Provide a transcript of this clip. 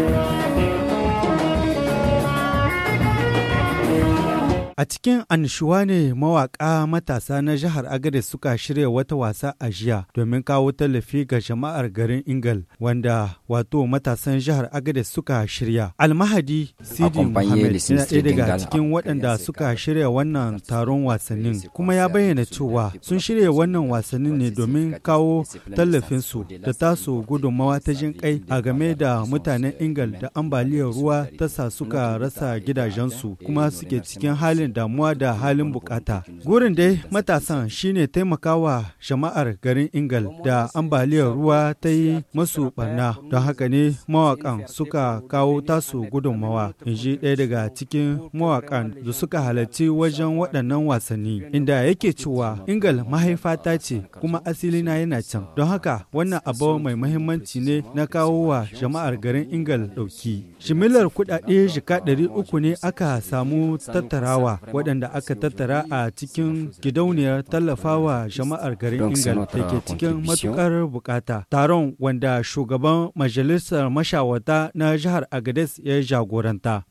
Thank you. A cikin anshuwa ne mawaƙa matasa na jihar Agadez suka shirya wata wasa a jiya domin kawo tallafi ga jama'ar garin Ingal wanda wato matasan jihar Agadez suka shirya. Almahadi Sidi Muhammad yana ɗaya daga cikin waɗanda suka shirya wannan taron wasannin kuma ya bayyana cewa sun shirya wannan wasannin ne domin kawo tallafinsu da tasu gudunmawa ta jin kai a game da mutanen Ingal da eh, ambaliyar ruwa tasa suka rasa gidajensu kuma eh, suke cikin halin rashin damuwa da halin bukata. Gurin dai matasan shine taimakawa jama'ar garin Ingal da ambaliyar ruwa ta yi masu barna don haka ne mawakan suka kawo tasu gudunmawa. In ji ɗaya daga cikin mawakan da suka halarci wajen waɗannan wasanni inda yake cewa Ingal mahaifata ce kuma asilina yana can. Don haka wannan abu mai mahimmanci ne na kawo wa jama'ar garin Ingal ɗauki. Shimilar kuɗaɗe jika ɗari uku ne aka samu tattarawa waɗanda aka tattara a cikin gidauniyar tallafawa jama'ar garin Ingal da ke cikin matukar bukata. Taron wanda shugaban majalisar mashawata na jihar Agades ya jagoranta.